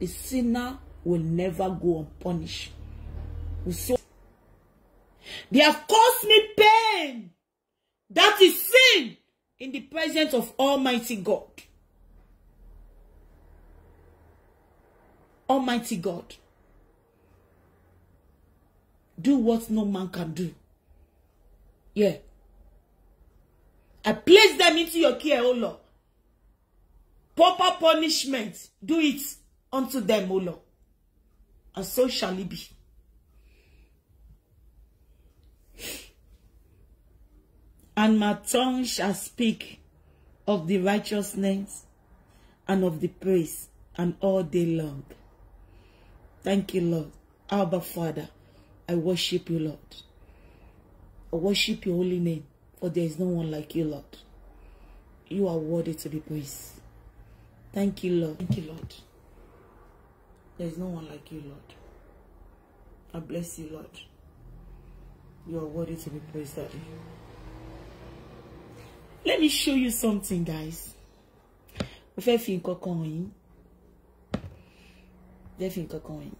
A sinner will never go unpunished. So, they have caused me pain. That is sin in the presence of Almighty God. Almighty God. Do what no man can do. Yeah. I place them into your care, oh Lord. Proper punishment. Do it unto them, O Lord. And so shall it be. And my tongue shall speak of the righteousness and of the praise and all day long. Thank you, Lord. Abba, Father, I worship you, Lord. I worship your holy name, for there is no one like you, Lord. You are worthy to be praised. Thank you, Lord. Thank you, Lord. There is no one like you, Lord. I bless you, Lord. You are worthy to be praised, Daddy. Let me show you something, guys. Mo fẹ́ fi nǹkan kan yín. Mo fẹ́ fi nǹkan kan yín.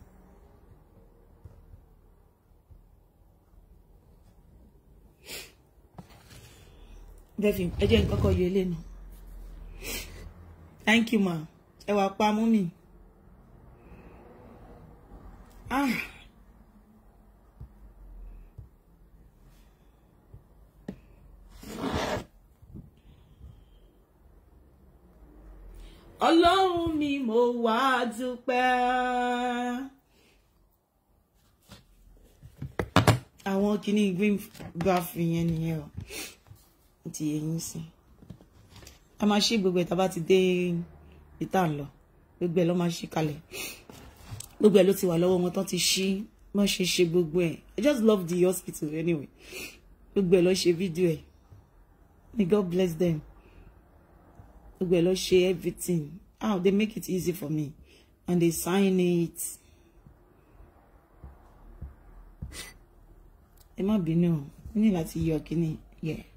fi ẹ jẹ́ nǹkan kan Thank you, ma. Ẹ wà pa mú Ah. Ọlọ́run mi mo wá dúpẹ́. Àwọn kìíní green baff yẹn nìyẹn o. Ti yẹn sí. A máa ṣe gbogbo ẹ̀ tá a bá ti dé ìta ń lọ. Gbogbo ẹ̀ ló máa ṣe kalẹ̀ gbogbo ẹ̀ ló ti wà lọ́wọ́ wọn tán ti ṣí má ṣe ṣe gbogbo ẹ̀ i just love the hospital anyway gbogbo ẹ̀ lọ ṣe fídíò ẹ̀ may god bless them gbogbo ẹ̀ lọ ṣe everything how oh, ah, they make it easy for me and they sign it ẹ má bínú o ní láti yọ kíní yẹ. Yeah.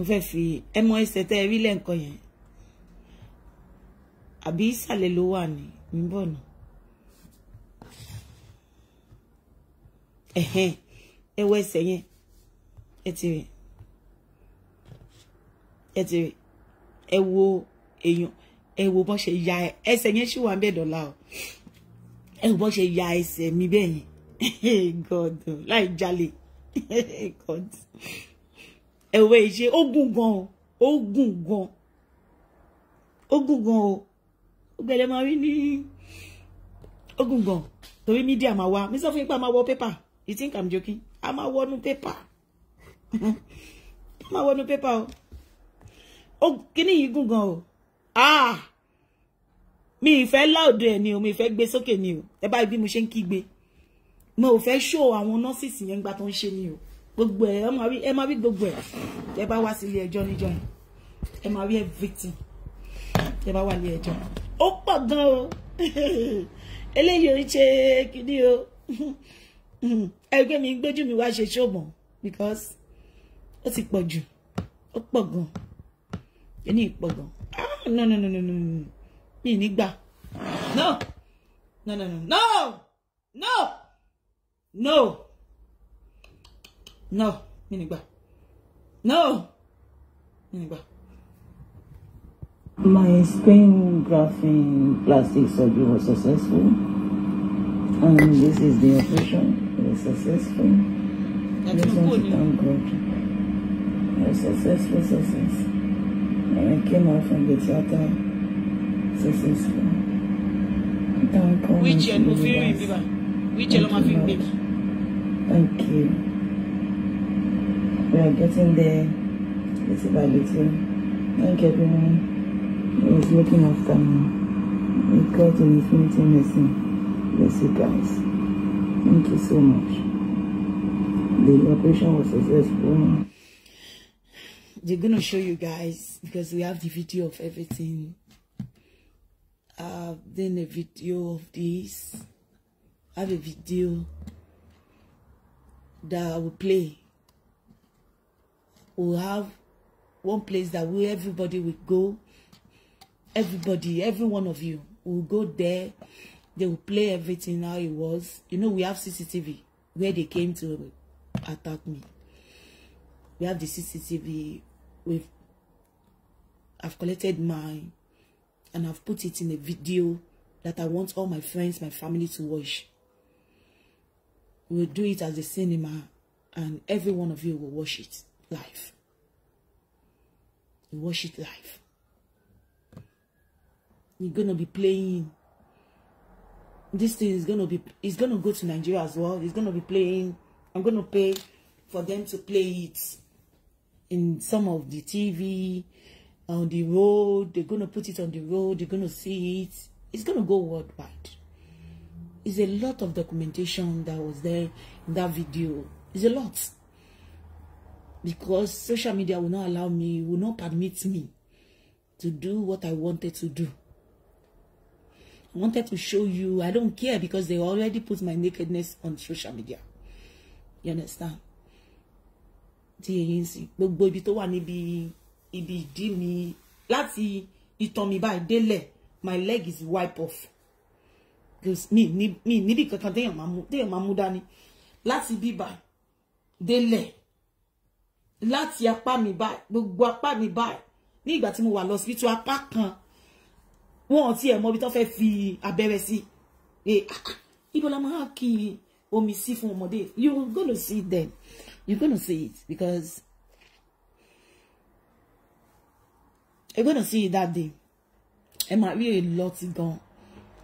mo fẹ́ fi ẹ mọ ẹsẹ̀ tẹ́ ẹ rí lẹ́ǹkan yẹn àbí ìsàlẹ̀ ló wà ní níbọ̀ náà ẹ̀hẹ́n ẹ wọ ẹsẹ̀ yẹn ẹ ti rí ẹ ti rí ẹ wo èèyàn ẹ wo bọ́n ṣe ya ẹsẹ̀ yẹn ṣì wà ń bẹ̀ o ẹ wo bọ́n ṣe ya ẹsẹ̀ mi bẹ́ẹ̀ yẹn God láì jalè God ẹ̀wẹ̀ ìṣe ó gùn gan o ó gùn gan ó gùn gan o ó gbẹlẹ máa rí ní ó gùn gan torí mídíà máa wá mi sọ fún yín pé a máa wọ pépà you think I'm joking a máa wọnú pépà a máa wọnú pépà o kíní yìí gùn gan o ah mi ìfẹ́ láòdù ẹ̀ ni o mi ìfẹ́ gbé sókè ni o ẹ báyìí bí mo ṣe ń kígbe mo ò fẹ́ ṣó àwọn nọ́ọ̀sì yẹn gba tó ń ṣe ni o gbogbo ẹ ẹ máa rí ẹ máa rí gbogbo ẹ ẹ bá wá sílé ẹjọ́ níjọ́ yẹn ẹ máa rí everything ẹ bá wà ní ẹjọ́ ó pọ̀ gan o eléyìí ò ń ṣe kíní o ẹgbẹ́ mi gbójú mi wá ṣe ṣòmọ̀ because ó ti pọ̀ jù ó pọ̀ gan ẹni ìpọ̀ gan ah, no no no no no mi ní gbà no no no no no no no. no mi nígbà no mi nígbà. My spin grafting plastic surgery was successful and this is the operation it was successful. I just want to thank It was successful success and I came out from the theater successful. Thank you. Which you ló fi rí bíbá? Which year ló máa fi Thank you we are getting there little by little. Thank everyone was looking after me. We got an infinity mercy. Bless you guys. Thank you so much. The operation was successful. They're gonna show you guys because we have the video of everything. I've uh, done a video of this. I have a video that I will play will have one place that we everybody will go everybody every one of you will go there they will play everything how it was you know we have CCTV where they came to attack me we have the CCTV we've I've collected mine and I've put it in a video that I want all my friends my family to watch we'll do it as a cinema and every one of you will watch it Life, You watch it live. You're gonna be playing. This thing is gonna be it's gonna go to Nigeria as well. It's gonna be playing. I'm gonna pay for them to play it in some of the TV on the road. They're gonna put it on the road. They're gonna see it. It's gonna go worldwide. It's a lot of documentation that was there in that video. It's a lot. because social media will not allow me, will not permit me to do what I wanted to do. I wanted to show you, I don't care because they already put my nakedness on social media. You understand? Tí eyín sí, gbogbo ibi tó wà níbi ibi ìdí mi láti ìtàn mi báyìí délẹ̀ my leg is wipe off. Me, Mi níbi kankan téèyàn máa mú dání bi bíbà Dele láti apá mi báyìí gbogbo apá mi báyìí ní ìgbà tí mo wà lọ́sibítù apá kan wọn ti ẹ̀ mọ ibi tó fẹ́ fi abẹ́rẹ́ sí ah, ah, ibo la máa kí omi sí fún ọmọdé you gonna see them you gonna see it because you gonna see it that day ẹ máa rí a lot gan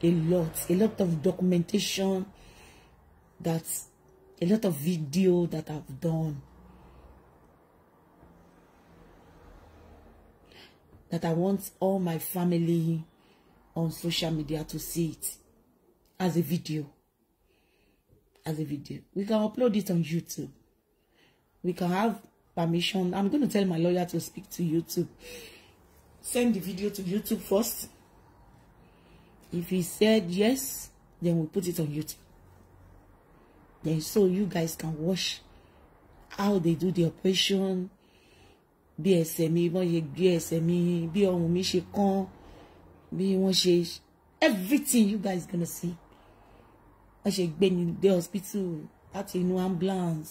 a lot a lot of documentation that a lot of video that I've done. that I want all my family on social media to see it as a video. As a video. We can upload it on YouTube. We can have permission. I'm going to tell my lawyer to speak to YouTube. Send the video to YouTube first. If he said yes, then we put it on YouTube. Then so you guys can watch how they do the operation, bí ẹsẹ̀ mi wọ́n yẹ gbé ẹsẹ̀ mi bí ọrùn mi ṣe kán bí wọ́n ṣe everything you guys gonna see wọ́n ṣe gbé ní dé hospital láti inú ambulance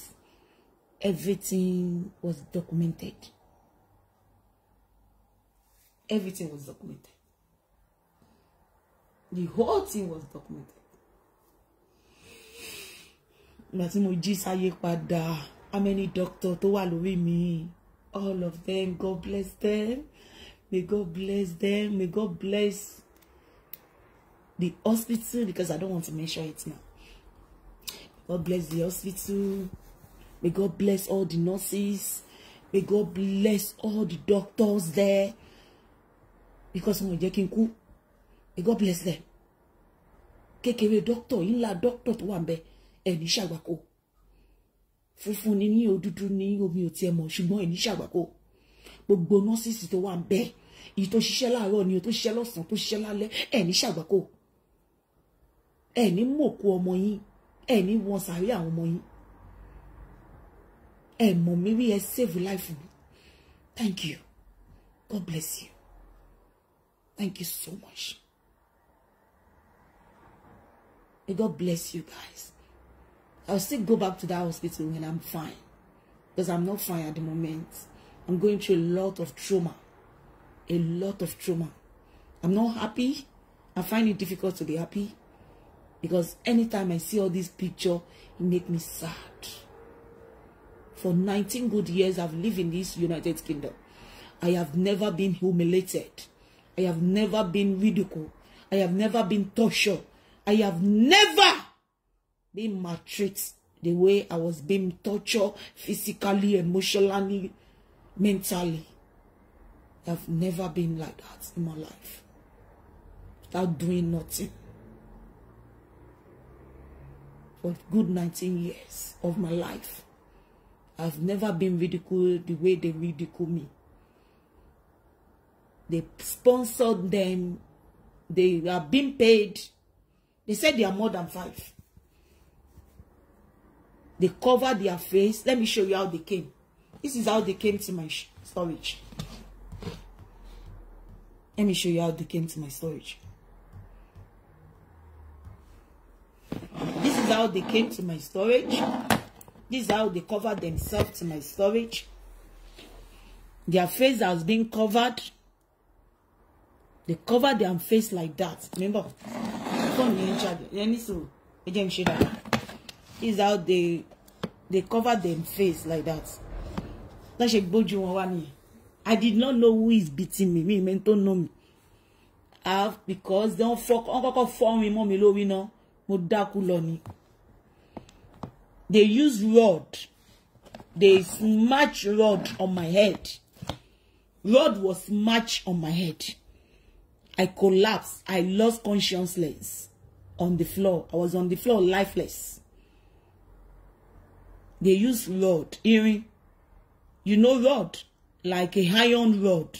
everything was documented everything was documented the whole thing was documented ìgbà tí mo jí sáyé padà how many doctors tó wà lórí mi all of them. God bless them. May God bless them. May God bless the hospital because I don't want to measure it now. God bless the hospital. May God bless all the nurses. May God bless all the doctors there. Because wọn ò jẹ́ kí n May God bless them. Kékeré dọ́kítọ̀ yìí doctor dọ́kítọ̀ tó wà ń bẹ ẹni ṣàgbákò funfun ni ní òdúdú ní omi ò tiẹ̀ mọ̀ ṣùgbọ́n ẹni ṣàgbàkó gbogbo nọ́ọ̀sìsì tó wà ń bẹ́ẹ̀ èyí tó ṣiṣẹ́ láàárọ̀ ni o tó ṣiṣẹ́ lọ́sàn-án tó ṣiṣẹ́ lálẹ́ ẹni ṣàgbàkó ẹni mọ̀kú ọmọ yín ẹni wọn sàárẹ̀ àwọn ọmọ yín ẹ mọ̀ mi rí ẹ save life mi thank you God bless you thank you so much may God bless you guys. I'll still go back to that hospital when I'm fine. Because I'm not fine at the moment. I'm going through a lot of trauma. A lot of trauma. I'm not happy. I find it difficult to be happy. Because anytime I see all this picture, it makes me sad. For 19 good years, I've lived in this United Kingdom. I have never been humiliated. I have never been ridiculed. I have never been tortured. I have never being maltreated the way I was being tortured physically, emotionally, mentally. I've never been like that in my life. Without doing nothing. For good 19 years of my life. I've never been ridiculed the way they ridicule me. They sponsored them. They are being paid. They said they are more than five. They covered their face. Let me show you how they came. This is how they came to my storage. Let me show you how they came to my storage. This is how they came to my storage. This is how they covered themselves to my storage. Their face has been covered. They cover their face like that. Remember? Come Let me is how they they cover them face like that tó ṣe gbójú wọn i did not know who is beating me Me men don't know me ah because they don't wọn kọ́kọ́ fọ́ mi mọ́ mi lórí náà they use rod they smash rod on my head rod was smashed on my head i collapsed i lost consciousness on the floor i was on the floor lifeless they use rod earring you know rod like a iron rod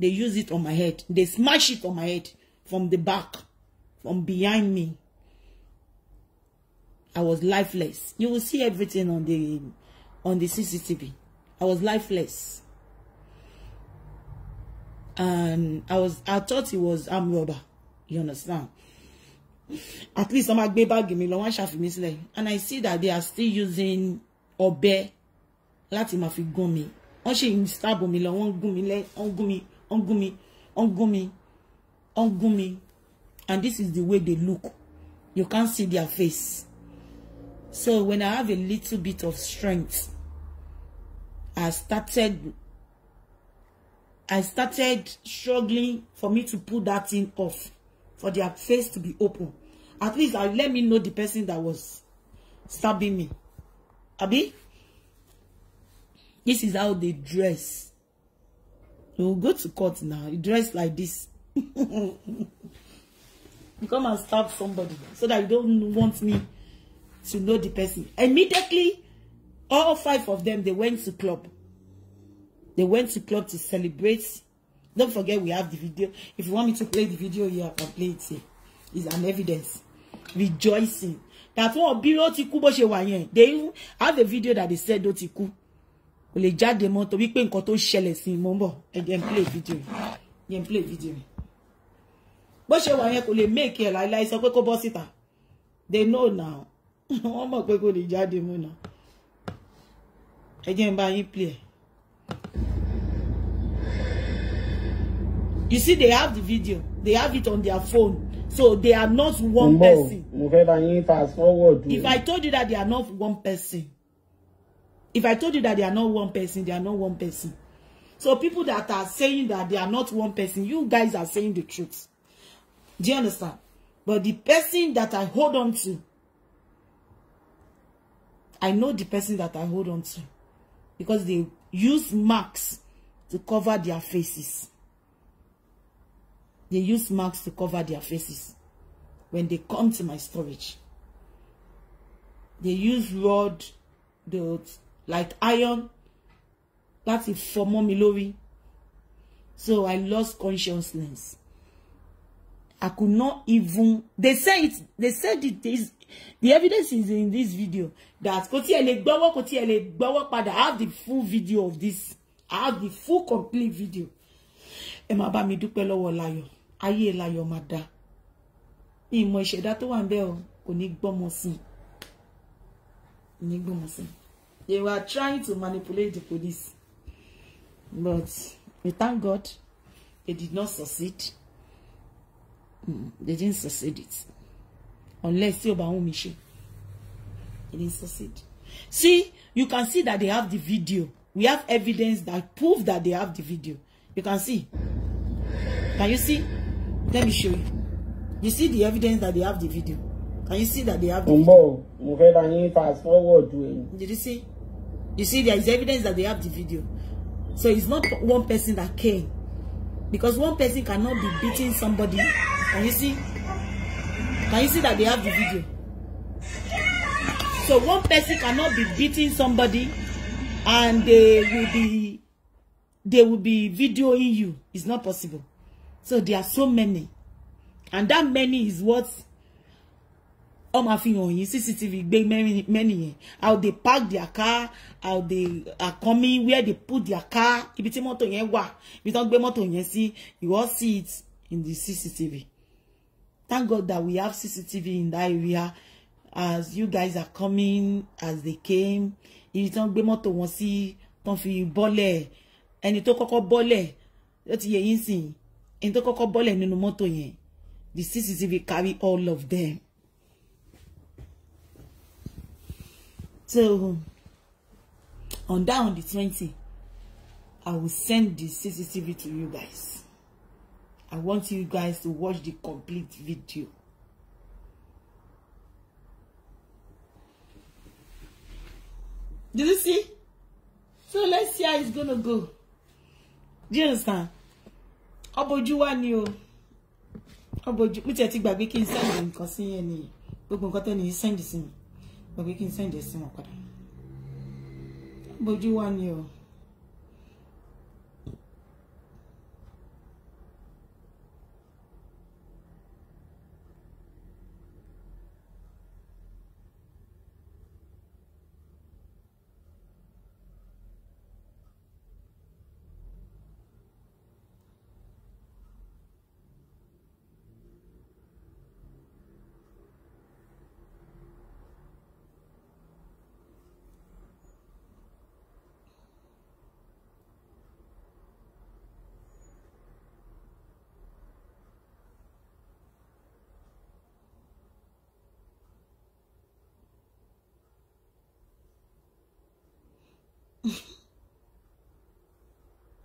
they use it on my head they smash it on my head from the back from behind me I was lifeless you will see everything on the on the CCTV I was lifeless and I was I thought it was arm robber you understand at least I'm a gbé báàgì mi lọ wọ́n ṣàfi mí sílẹ̀ and I see that they are still using ọbẹ̀ láti máa fi gún mi wọ́n ṣe ìstáàbù mi lọ wọ́n gún mi lẹ́ on gún mi wọ́n gún mi wọ́n gún mi wọ́n gún mi and this is the way they look you can't see their face so when I have a little bit of strength I started I started struggling for me to pull that thing off for their face to be open at least I uh, let me know the person that was stabbing me abi this is how they dress You go to court now you dress like this you come and stab somebody so that you don't want me to know the person immediately all five of them they went to club they went to club to celebrate Don't forget we have the video. If you want me to play the video here, I can play it here. It's an evidence. Rejoicing. That's what bí ó ti kú bó ṣe They have the video that they said ó ti kú. Ó lè jáde mọ́ tó bí pé nǹkan tó and then mo ń bọ̀. Ẹ play video. Jẹ́ play video. Bó ṣe wà yẹn kò lè make e láí láí sọ pé kó bọ́ síta. They know now. Wọ́n mọ̀ pé kò lè jáde now. And then jẹ́ n play you see they have the video they have it on their phone so they are not one person if i told you that they are not one person if i told you that they are not one person they are not one person so people that are saying that they are not one person you guys are saying the truth do you understand but the person that i hold on to i know the person that i hold on to because they use marks to cover their faces They use masks to cover their faces when they come to my storage. They use rod, the, like iron, láti fọmọ́ mi lórí. So I lost consciousness. I could not even they say it they said it is. the evidence is in this video that Koti tí ẹ lè gbọ́wọ́ kò I have the full video of this I have the full complete video ẹ máa bá mi dúpẹ́ lọ́wọ́ Láyọ̀ ayé láyọ̀ máa da ìmọ̀ ìṣẹ̀dá tó wà ń kò ní gbọ́mọ sí i ní gbọ́mọ sí i they were trying to manipulate the police but we thank God they did not succeed mm, they didn't succeed it unless tí o bá wọn mi ṣe they didn't succeed see you can see that they have the video we have evidence that prove that they have the video you can see can you see. Let me show you. You see the evidence that they have the video. Can you see that they have the video? Did you see? You see there is evidence that they have the video. So it's not one person that came. Because one person cannot be beating somebody. Can you see? Can you see that they have the video? So one person cannot be beating somebody and they will be they will be videoing you. It's not possible so there are so many and that many is what all my àfihàn on cctv gbé many. yẹn how they park their car how they are coming where they put their car If it's mọ́tò yẹn wà ibi tí wọ́n gbé mọ́tò yẹn sí you all see it in the cctv thank god that we have cctv in that area as you guys are coming as they came if it's not be motor, wọn see, don't fi bọ́lẹ̀ and tó kọ́kọ́ bọ́lẹ̀ ó ti yẹ yín in tó kọ́kọ́ bọ́lẹ̀ nínú mọ́tò yẹn the CCTV carry all of them. So on that on the twenty I will send the CCTV to you guys. I want you guys to watch the complete video. Did you see? So let's see how it's gonna go. Do you understand? ọbojú wá ni o ọbojú mo tiẹ̀ ti gbàgbé kí n sẹ́ǹdì nǹkan sí yẹn ni gbogbo nǹkan tẹ́ni yìí sẹ́ǹdì sí mi gbàgbé kí n sẹ́ǹdì sí wọn padà ọbojú wá ni o.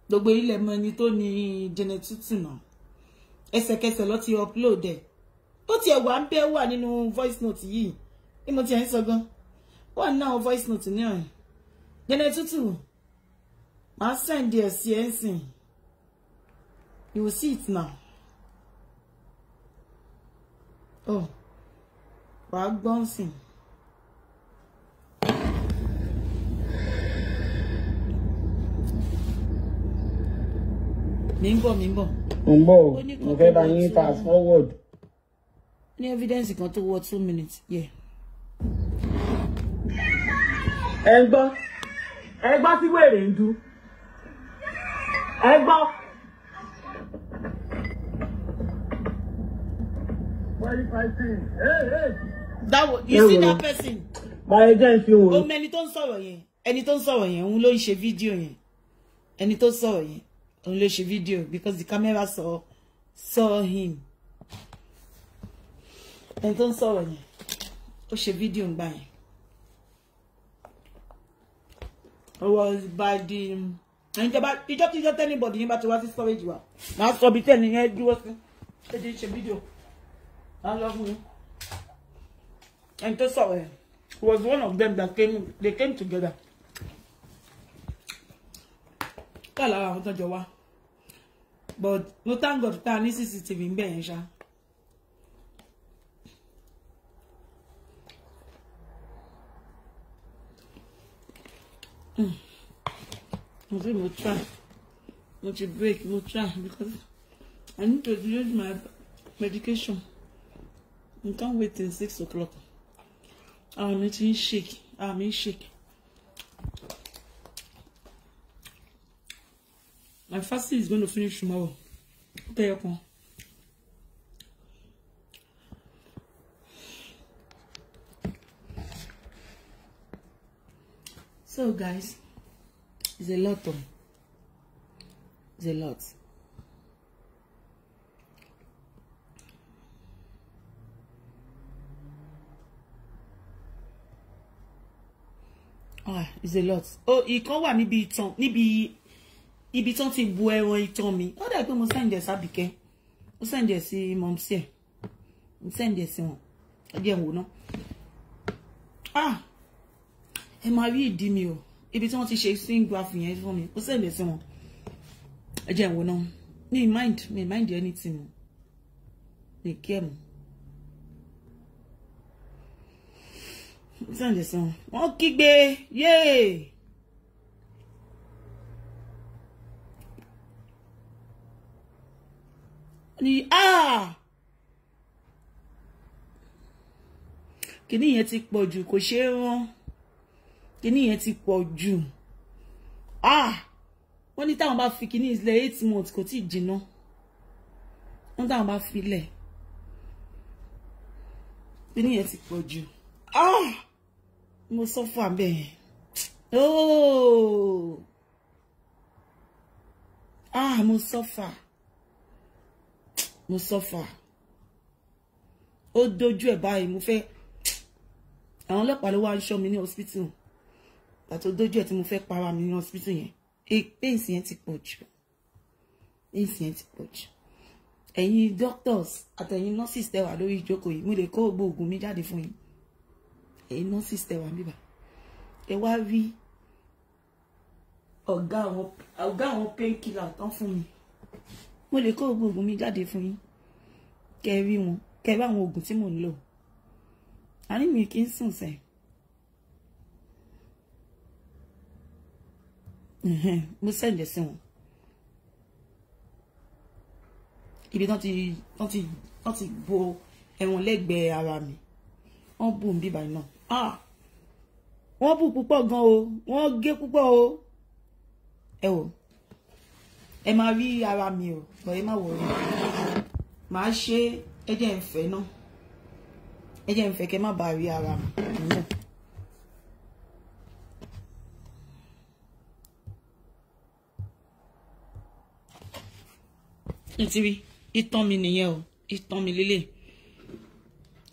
gbogbo ilẹ̀ mọ ẹni tó ní jẹnẹtútù náà ẹsẹ̀kẹsẹ̀ ló ti upload ẹ̀ ó tiẹ̀ wà ń bẹ́ wà nínú voice note yìí ni mo ti ẹ̀ ń sọ gan wà náà voice note ní ọ̀hìn jẹnẹtútù màá send ẹ̀ sí ẹ̀ ń sìn you will see it now oh wàá gbọ́n sìn. mi ń bọ̀ mi ń bọ̀. mo ń mo fẹ́ bá yín fast forward. ní evidence kan tó wọ two minutes yẹ. ẹ ń gbọ́ ẹ gbọ́ sí wèrè ń dún ẹ gbọ́. that one. you see that person. báyọ̀ jẹ́ ìfi wò. ọmọ ẹni tó ń sọ̀rọ̀ yẹn ẹni tó ń sọ̀rọ̀ yẹn òun ló ń ṣe fídíò yẹn ẹni tó sọ̀rọ̀ yẹn òun ló video, because the camera saw saw him ẹni tó ń sọ̀rọ̀ yẹn ó ṣe fídíò was by the ẹni tó bá ìjọ tí ìjọ anybody. yín bá ti wá sí storage wa máa sọ bí tẹ́ni yẹn dúró sí ṣé ti ṣe fídíò máa lọ saw it. was one of them that came they came together. ká lára àwọn tó wá but no thank God pé a ní CCTV ń bẹ̀ yẹn ṣá. Hmm. mo fi try mo ti break mo try because I need to use my medication I can't wait till six o'clock I'm ti ń shake àwọn mi ń shake. My fasting is going to finish tomorrow. Okay, okay. So guys, it's a lot of it's a lot. Ah, it's a lot. Oh, you ìkan Be níbi ìtàn Be ibi tán ti bu ẹran itan mi ó dẹ̀ pé mo send ẹ̀ sábìkẹ́ mo send ẹ̀ sí mọ̀mísì ẹ̀ mo send ẹ̀ sí wọn ẹ̀jẹ̀ ń wò ná. ah ẹ máa rí ìdí mi o ibi tí wọ́n ti ṣe skin graph yẹn fún mi ó send ẹ̀ sí wọn ẹ̀jẹ̀ ń wò ná mi mind mi mind anything mi care mo. mo send ẹ̀ sí wọn wọ́n kígbe yéé. ni ah kìíní yẹn ti pọ̀ jù kò ṣeé rán kìíní yẹn ti pọ̀ jù ah wọ́n ní táwọn bá fi kìíní ilẹ̀ eight months kò tí ì jìnnà wọ́n táwọn bá fi lẹ̀ kìíní yẹn ti pọ̀ jù ah mo sọ fún abẹ́ yẹn oh. ah mo sọ mo sọ́fà ó dojú ẹ̀ báyìí mo fẹ́ àwọn ọlọ́pàá ló wá ń ṣọ́ mi ní hospital pàtó dojú ẹ̀ tí mo fẹ́ para mi ní hospital yẹn pains yẹn ti pọ̀ jù pains yẹn ti pọ̀ jù ẹ̀yin doctors àtẹ̀yin nurses tẹwà lórí ìjókòó yìí mo lè kó gbogbo oògùn mi jáde fún yín ẹ̀yin nurses tẹwà mi bá ẹ wá rí ọ̀gá àwọn painkiller tán fún mi mo lè kó oògùn oògùn mi jáde fún yín kẹ rí wọn kẹ rí àwọn oògùn tí mò ń lò àní mi kì í sùn sẹ. mo sẹ́ǹdẹ̀ sí wọn ibi tán ti tán ti tán ti bo ẹ̀wọ̀n lẹ́gbẹ̀ẹ́ ara mi wọ́n bù mí báyìí náà ah wọ́n bù púpọ̀ gan o wọ́n gé púpọ̀ o ẹ wò. E ẹ máa rí ara mi o bọ̀ ẹ má wọrí màá ṣe ẹ jẹ́ ń fẹ́ náà ẹ jẹ́ ń fẹ́ kẹ́ má bàa rí ara mi náà. nítorí ìtàn mi nìyẹn o ìtàn mi lélẹ̀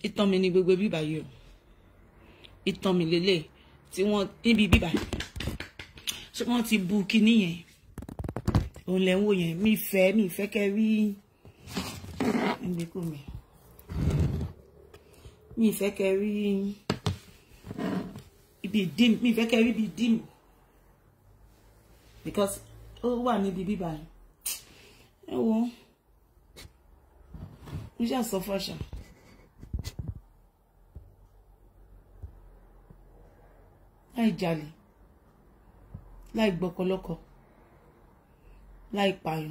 ìtàn mi ní gbogbo bíbà yìí o ìtàn mi lélẹ̀ tí wọ́n níbi bíbà tí wọ́n ti bu kinní yẹn òun lẹ ń wò yẹn mi fẹ́ mi fẹ́ kẹ́ rí ẹgbẹ́kọ̀ mi mi fẹ́ kẹ́ rí ibi ìdí mi mi fẹ́ kẹ́ rí ibi ìdí mi because ó wà níbi bíbá ẹ wo mo ṣàṣọ fọṣà. láì jalè láì gbọkọlọkọ láì pààyàn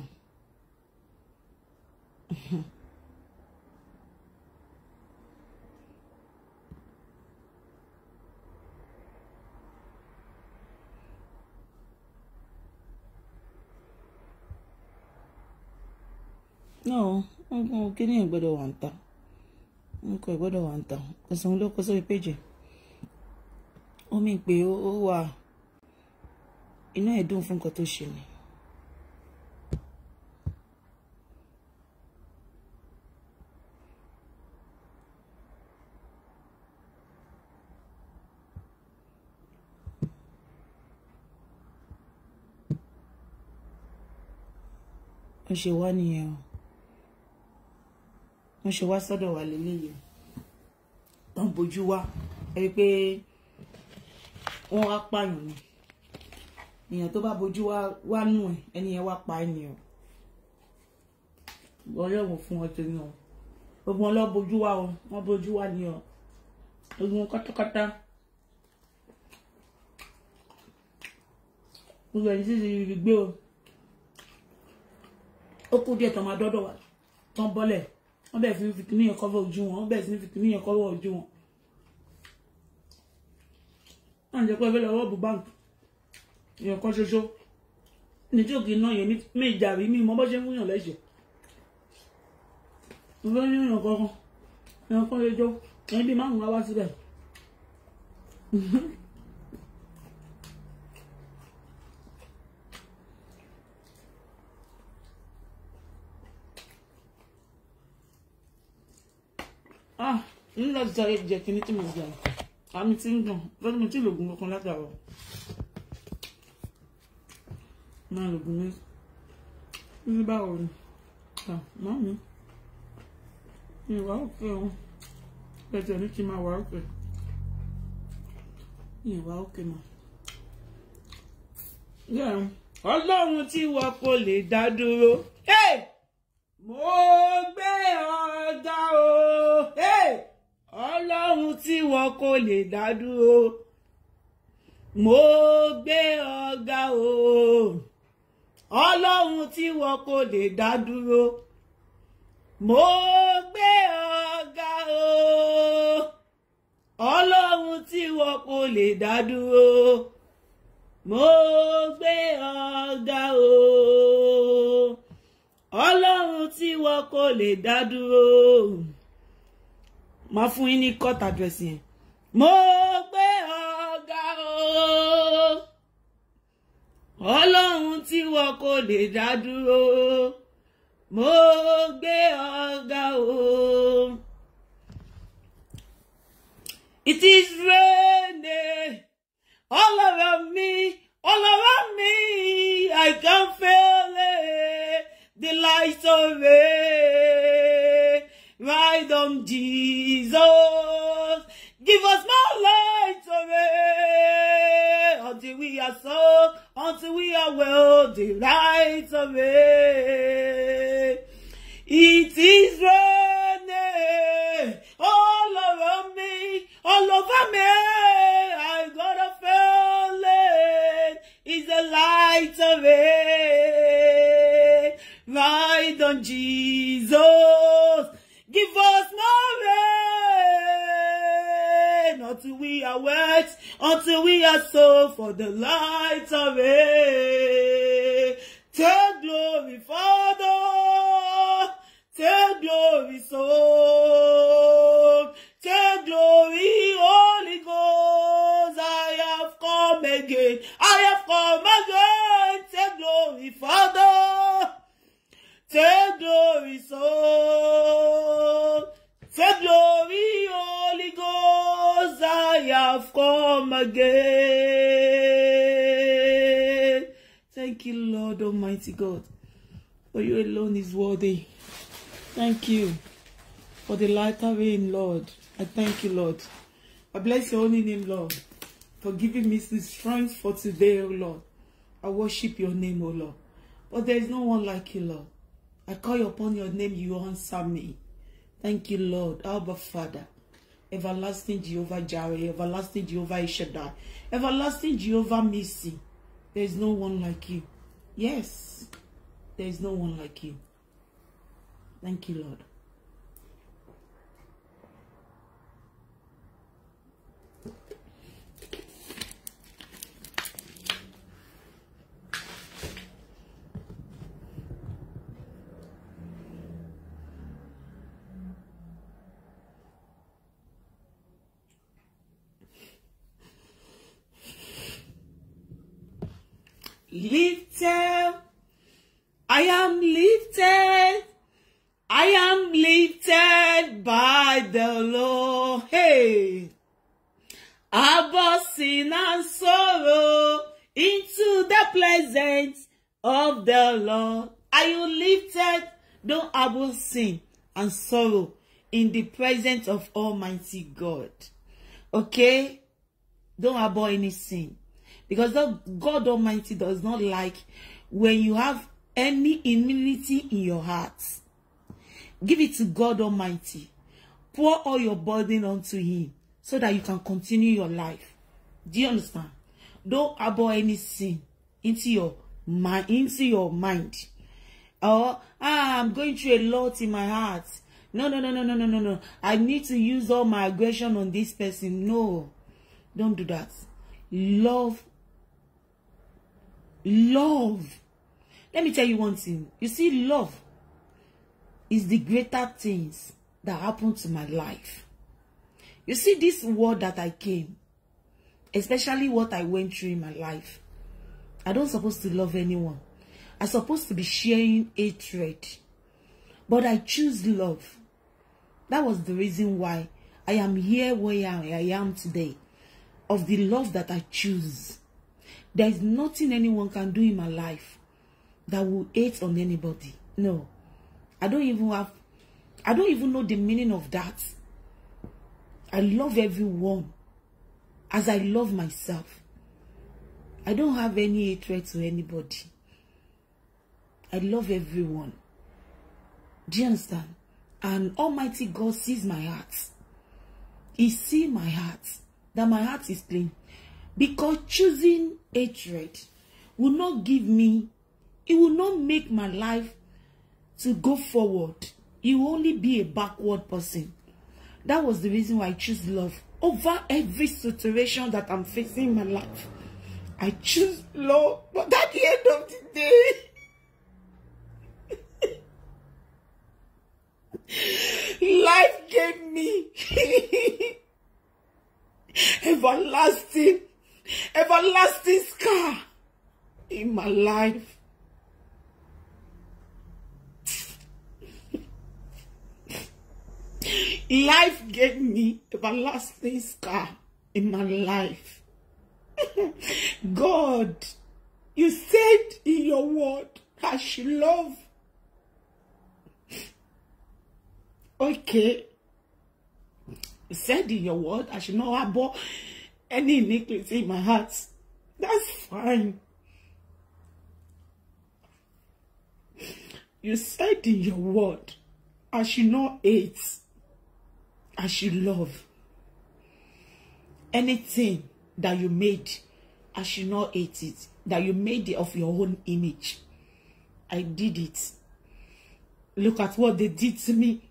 náà nǹkan kíní ẹ̀ gbọ́dọ̀ wà ń ta nǹkan ẹ̀ gbọ́dọ̀ wà ń ta ẹ̀sùn ló kó sórí péjì ó mì pé ó wà inú ẹ̀ dùn fún nǹkan tó ṣe ni. ṣe wá nìyẹn o wọ́n ṣe wá sọ́dọ̀ wa lélẹ́yìí tó ń bójú wá ẹni pé wọ́n wá pààyàn ni èèyàn tó bá bójú wá nù ẹ̀ ẹni yẹn wá pa ẹni o ọlọ́run fún ọ tèmi o gbogbo wọn lọ bójú wá o wọ́n bójú wá ni o gbogbo wọn kọ́tọ́kọ́tọ́ gbogbo ẹni tí ti gbé o ó kú díẹ̀ tó máa dọ́dọ̀ wá tán bọ́lẹ̀ wọ́n bẹ̀rẹ̀ sí ní fìkì níyẹn kọ́wọ́ ojú wọn wọ́n bẹ̀rẹ̀ sí ní fìkì níyẹn kọ́wọ́ ojú wọn. wọ́n ń jẹ́ pé ẹgbẹ́ lọ́wọ́ bu báńkì èèyàn kan ṣoṣo nítòkì iná yẹn mí ìjàrí mi mọ bó ṣe ń múyàn lẹ́sẹ̀ mo fẹ́ ní èèyàn kankan èèyàn kan ṣoṣo ẹni bíi márùn-ún wá wá síbẹ̀. ní láti sáré jẹ kíní tí mo gbà àmì tí ń gàn lọ́dún mo tí lògùn kankan látàrọ máa lògùn mi ní báwo ni kà má mi ìwà òkè o ẹ̀jẹ̀ ní kí n máa wà òkè ìwà òkè mà. ọlọ́run tí wọn kò lè dá dúró mo gbé ọ o tí wọn kò lè dá mo gbé ọ̀gá o ọlọ́run tí wọn kò lè dá mo gbé ọ̀gá o ọlọ́run tí wọn kò lè dá mo gbé ọ̀gá o ọlọ́run tí wọn kò lè dá máa fún yín ní court address yẹn mo gbé ọ̀gá o ọlọ́run tí wọn kò lè dá dúró mo gbé ọ̀gá o. It is raining all around me, all around me. I can feel it, the lights of rain. Ride on Jesus. Give us more light, away. Until we are so, until we are well, the light away. for you alone is worthy. Thank you for the light of rain, Lord. I thank you, Lord. I bless your holy name, Lord, for giving me the strength for today, O Lord. I worship your name, O oh Lord. But there is no one like you, Lord. I call upon your name, you answer me. Thank you, Lord, our Father. Everlasting Jehovah Jireh, everlasting Jehovah Ishaddai, everlasting Jehovah Mercy. There is no one like you. Yes, there is no one like you. Thank you, Lord. Lifted lifted. I am lifted by the Lord. Hey. Above sin and sorrow into the presence of the Lord. Are you lifted? Don't abhor sin and sorrow in the presence of Almighty God. Okay? Don't abhor any sin. Because God Almighty does not like when you have any immunity in your heart. Give it to God Almighty. Pour all your burden unto Him so that you can continue your life. Do you understand? Don't abhor any sin into your mind, into your mind. oh, I'm going through a lot in my heart. No, no, no, no, no, no, no, no. I need to use all my aggression on this person. No, don't do that. Love, love Let me tell you one thing. You see, love is the greater things that happened to my life. You see, this world that I came, especially what I went through in my life, I don't supposed to love anyone. I'm supposed to be sharing hatred. But I choose love. That was the reason why I am here where I am today. Of the love that I choose. There is nothing anyone can do in my life that will hate on anybody. No. I don't even have, I don't even know the meaning of that. I love everyone as I love myself. I don't have any hatred to anybody. I love everyone. Do you understand? And Almighty God sees my heart. He sees my heart. That my heart is clean. Because choosing hatred will not give me it will not make my life to go forward. You will only be a backward person. That was the reason why I choose love. Over every situation that I'm facing in my life, I choose love. But at the end of the day, Life gave me everlasting, everlasting scar in my life. Life gave me everlasting scar in my life. God, you said in your word, I should love. Okay. You said in your word, I should not harbor any iniquity in my heart. That's fine. You said in your word, I should not hate and she love anything that you made and she not hate it that you made it of your own image I did it look at what they did to me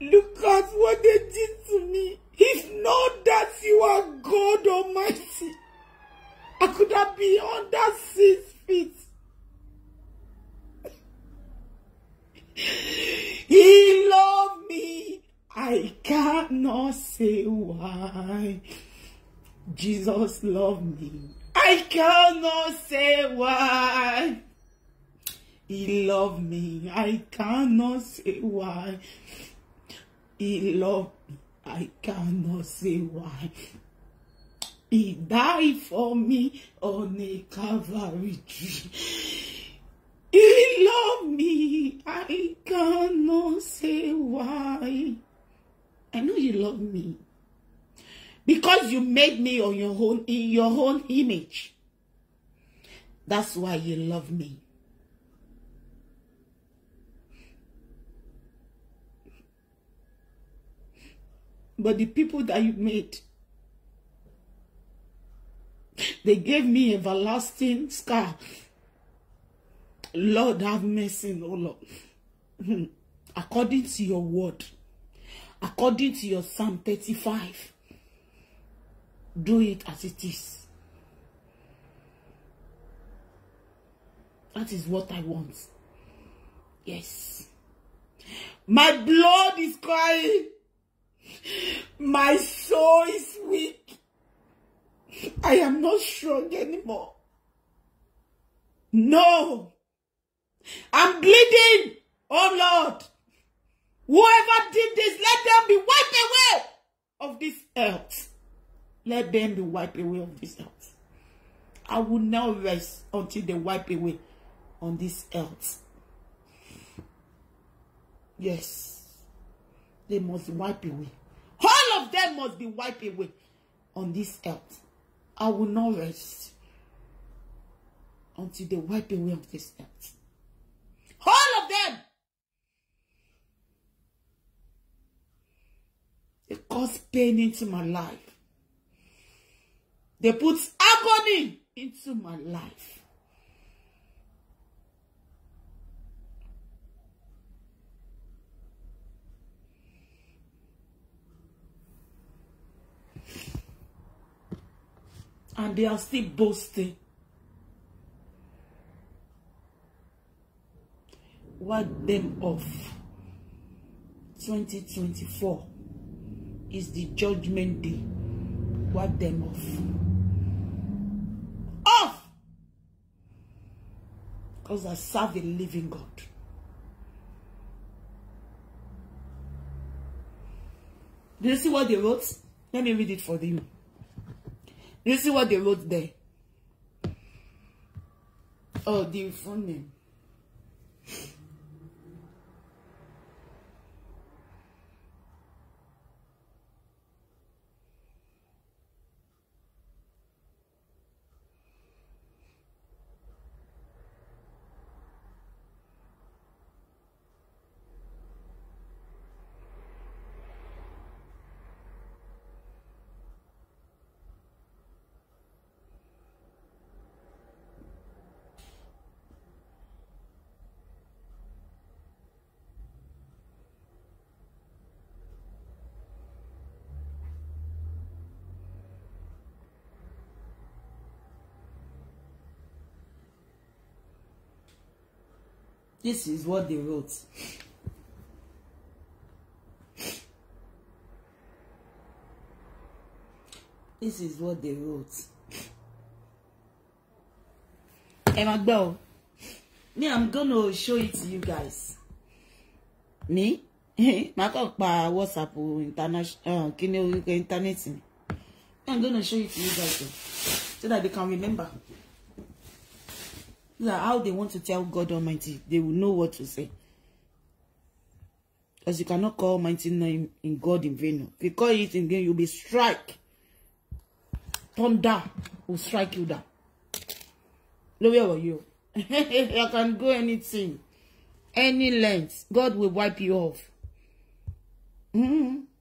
look at what they did to me if not that you are God Almighty I could have been under six feet I cannot say why Jesus loved me. I cannot say why he loved me. I cannot say why he loved me. I cannot say why. He died for me on a Calvary tree. He loved me. I cannot say why. I know you love me. Because you made me on your own in your own image. That's why you love me. But the people that you made, they gave me everlasting scar. Lord have mercy, O Lord. Hmm. According to your word according to your Psalm 35. Do it as it is. That is what I want. Yes. My blood is crying. My soul is weak. I am not strong anymore. No. I'm bleeding. Oh Lord. Whoever did this, let them be wiped away of this earth. Let them be wiped away of this earth. I will not rest until they wipe away on this earth. Yes. They must wipe away. All of them must be wiped away on this earth. I will not rest until they wipe away of this earth. All of them cause pain into my life. They put agony into my life. And they are still boasting. Wipe them off. 2024. is the judgment day. Wipe them off. Off! Because I serve a living God. Do you see what they wrote? Let me read it for you. Do you see what they wrote there? Oh, the phone name. This is what they wrote. This is what they wrote. Ẹ máa Me, I'm gonna show it to you guys. Me? Màá kàn pa WhatsApp international kíni internet uh, I'm gonna show it to you guys So that they can remember. Look how they want to tell God Almighty. They will know what to say. Because you cannot call mighty name in God in vain. If you call it in vain, you'll be strike. Thunder will strike you down. Look, where were you? you can go anything. Any length. God will wipe you off. Mm -hmm.